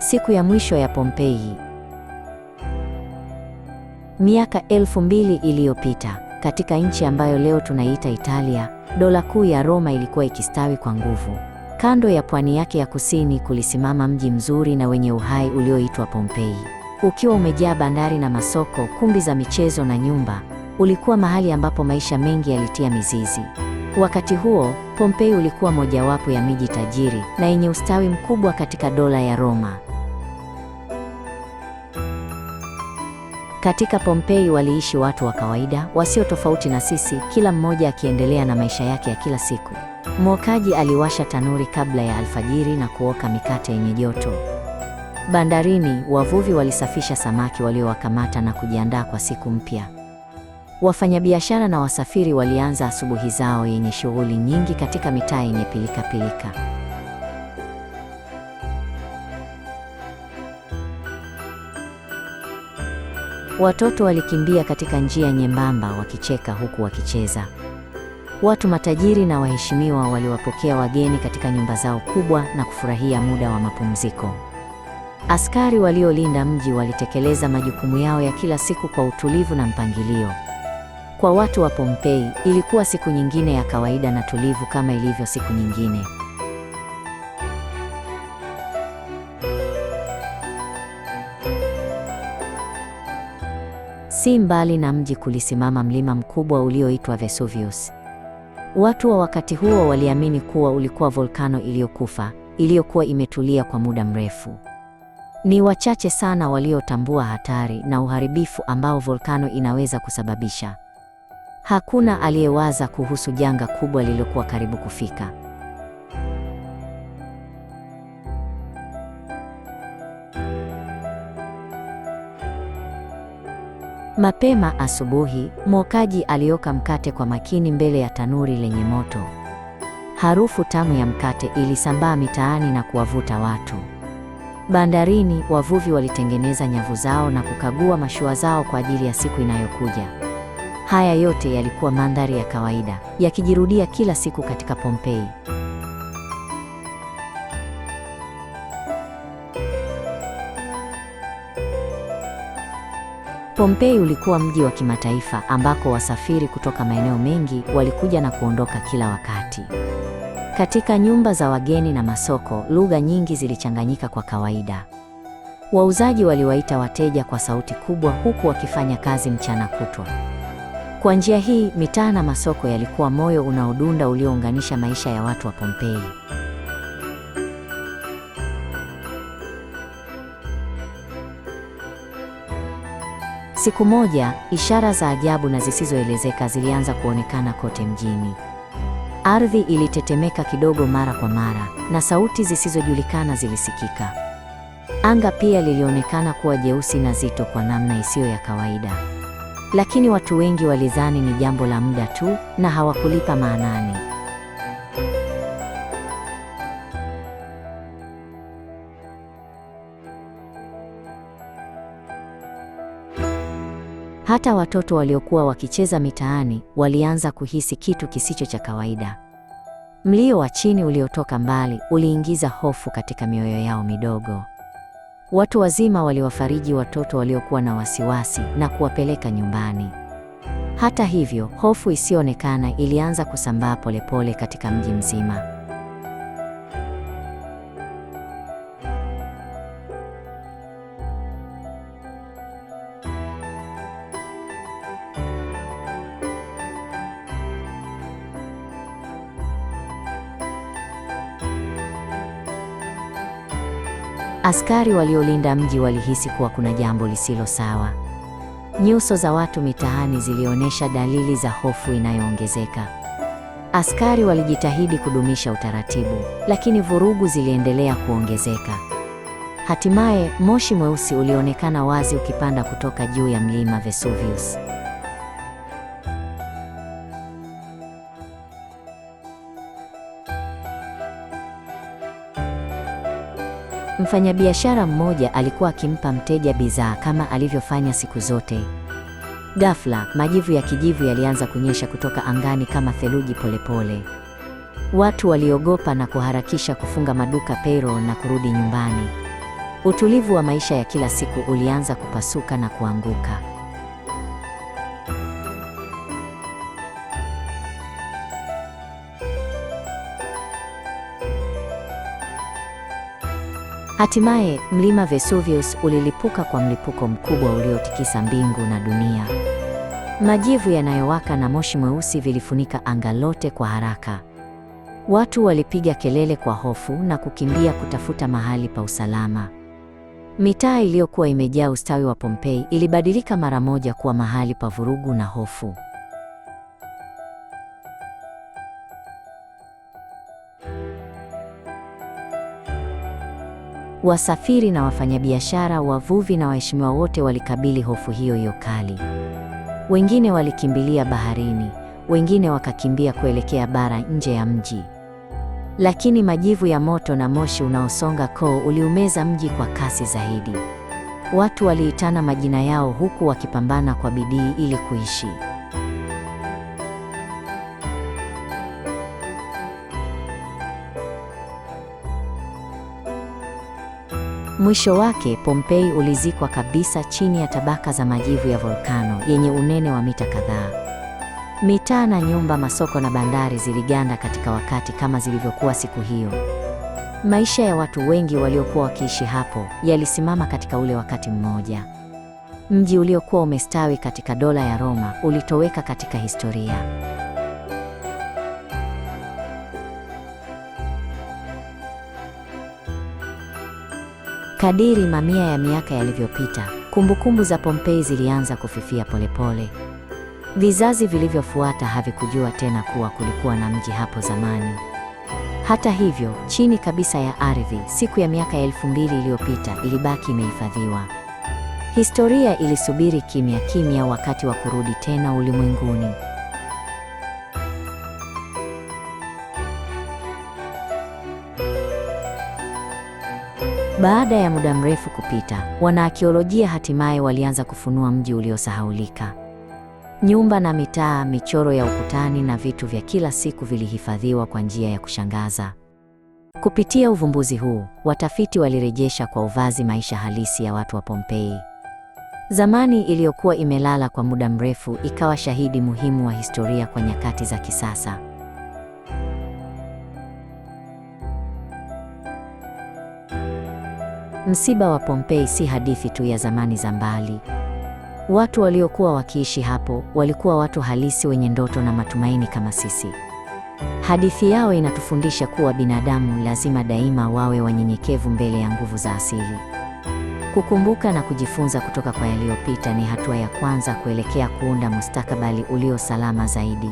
Siku ya mwisho ya Pompeii. Miaka elfu mbili iliyopita, katika nchi ambayo leo tunaiita Italia, dola kuu ya Roma ilikuwa ikistawi kwa nguvu. Kando ya pwani yake ya kusini kulisimama mji mzuri na wenye uhai ulioitwa Pompeii, ukiwa umejaa bandari na masoko, kumbi za michezo na nyumba. Ulikuwa mahali ambapo maisha mengi yalitia mizizi. Wakati huo, Pompeii ulikuwa mojawapo ya miji tajiri na yenye ustawi mkubwa katika dola ya Roma. Katika Pompei waliishi watu wa kawaida wasio tofauti na sisi, kila mmoja akiendelea na maisha yake ya kila siku. Mwokaji aliwasha tanuri kabla ya alfajiri na kuoka mikate yenye joto. Bandarini, wavuvi walisafisha samaki waliowakamata na kujiandaa kwa siku mpya. Wafanyabiashara na wasafiri walianza asubuhi zao yenye shughuli nyingi katika mitaa yenye pilika. Watoto walikimbia katika njia nyembamba wakicheka huku wakicheza. Watu matajiri na waheshimiwa waliwapokea wageni katika nyumba zao kubwa na kufurahia muda wa mapumziko. Askari waliolinda mji walitekeleza majukumu yao ya kila siku kwa utulivu na mpangilio. Kwa watu wa Pompeii, ilikuwa siku nyingine ya kawaida na tulivu kama ilivyo siku nyingine. Si mbali na mji kulisimama mlima mkubwa ulioitwa Vesuvius. Watu wa wakati huo waliamini kuwa ulikuwa volkano iliyokufa, iliyokuwa imetulia kwa muda mrefu. Ni wachache sana waliotambua hatari na uharibifu ambao volkano inaweza kusababisha. Hakuna aliyewaza kuhusu janga kubwa lililokuwa karibu kufika. Mapema asubuhi, mwokaji alioka mkate kwa makini mbele ya tanuri lenye moto. Harufu tamu ya mkate ilisambaa mitaani na kuwavuta watu. Bandarini, wavuvi walitengeneza nyavu zao na kukagua mashua zao kwa ajili ya siku inayokuja. Haya yote yalikuwa mandhari ya kawaida, yakijirudia kila siku katika Pompeii. Pompei ulikuwa mji wa kimataifa ambako wasafiri kutoka maeneo mengi walikuja na kuondoka kila wakati. Katika nyumba za wageni na masoko, lugha nyingi zilichanganyika kwa kawaida. Wauzaji waliwaita wateja kwa sauti kubwa huku wakifanya kazi mchana kutwa. Kwa njia hii, mitaa na masoko yalikuwa moyo unaodunda uliounganisha maisha ya watu wa Pompei. Siku moja, ishara za ajabu na zisizoelezeka zilianza kuonekana kote mjini. Ardhi ilitetemeka kidogo mara kwa mara, na sauti zisizojulikana zilisikika. Anga pia lilionekana kuwa jeusi na zito kwa namna isiyo ya kawaida. Lakini watu wengi walidhani ni jambo la muda tu na hawakulipa maanani. Hata watoto waliokuwa wakicheza mitaani walianza kuhisi kitu kisicho cha kawaida. Mlio wa chini uliotoka mbali uliingiza hofu katika mioyo yao midogo. Watu wazima waliwafariji watoto waliokuwa na wasiwasi na kuwapeleka nyumbani. Hata hivyo, hofu isiyoonekana ilianza kusambaa polepole katika mji mzima. Askari waliolinda mji walihisi kuwa kuna jambo lisilo sawa. Nyuso za watu mitaani zilionyesha dalili za hofu inayoongezeka. Askari walijitahidi kudumisha utaratibu, lakini vurugu ziliendelea kuongezeka. Hatimaye moshi mweusi ulionekana wazi ukipanda kutoka juu ya mlima Vesuvius. Mfanyabiashara mmoja alikuwa akimpa mteja bidhaa kama alivyofanya siku zote. Ghafla, majivu ya kijivu yalianza kunyesha kutoka angani kama theluji polepole. Watu waliogopa na kuharakisha kufunga maduka payroll na kurudi nyumbani. Utulivu wa maisha ya kila siku ulianza kupasuka na kuanguka. Hatimaye mlima Vesuvius ulilipuka kwa mlipuko mkubwa uliotikisa mbingu na dunia. Majivu yanayowaka na moshi mweusi vilifunika anga lote kwa haraka. Watu walipiga kelele kwa hofu na kukimbia kutafuta mahali pa usalama. Mitaa iliyokuwa imejaa ustawi wa Pompeii ilibadilika mara moja kuwa mahali pa vurugu na hofu. Wasafiri na wafanyabiashara, wavuvi na waheshimiwa wote walikabili hofu hiyo hiyo kali. Wengine walikimbilia baharini, wengine wakakimbia kuelekea bara nje ya mji. Lakini majivu ya moto na moshi unaosonga koo uliumeza mji kwa kasi zaidi. Watu waliitana majina yao huku wakipambana kwa bidii ili kuishi. Mwisho wake Pompeii ulizikwa kabisa chini ya tabaka za majivu ya volkano yenye unene wa mita kadhaa. Mitaa na nyumba, masoko na bandari ziliganda katika wakati kama zilivyokuwa siku hiyo. Maisha ya watu wengi waliokuwa wakiishi hapo yalisimama katika ule wakati mmoja. Mji uliokuwa umestawi katika dola ya Roma ulitoweka katika historia. Kadiri mamia ya miaka yalivyopita, kumbukumbu za Pompeii zilianza kufifia polepole. Vizazi vilivyofuata havikujua tena kuwa kulikuwa na mji hapo zamani. Hata hivyo, chini kabisa ya ardhi, siku ya miaka elfu mbili iliyopita ilibaki imehifadhiwa. Historia ilisubiri kimya kimya wakati wa kurudi tena ulimwenguni. Baada ya muda mrefu kupita, wanaakiolojia hatimaye walianza kufunua mji uliosahaulika. Nyumba na mitaa, michoro ya ukutani na vitu vya kila siku vilihifadhiwa kwa njia ya kushangaza. Kupitia uvumbuzi huu, watafiti walirejesha kwa uvazi maisha halisi ya watu wa Pompeii. Zamani iliyokuwa imelala kwa muda mrefu ikawa shahidi muhimu wa historia kwa nyakati za kisasa. Msiba wa Pompeii si hadithi tu ya zamani za mbali. Watu waliokuwa wakiishi hapo walikuwa watu halisi wenye ndoto na matumaini kama sisi. Hadithi yao inatufundisha kuwa binadamu lazima daima wawe wanyenyekevu mbele ya nguvu za asili. Kukumbuka na kujifunza kutoka kwa yaliyopita ni hatua ya kwanza kuelekea kuunda mustakabali ulio salama zaidi.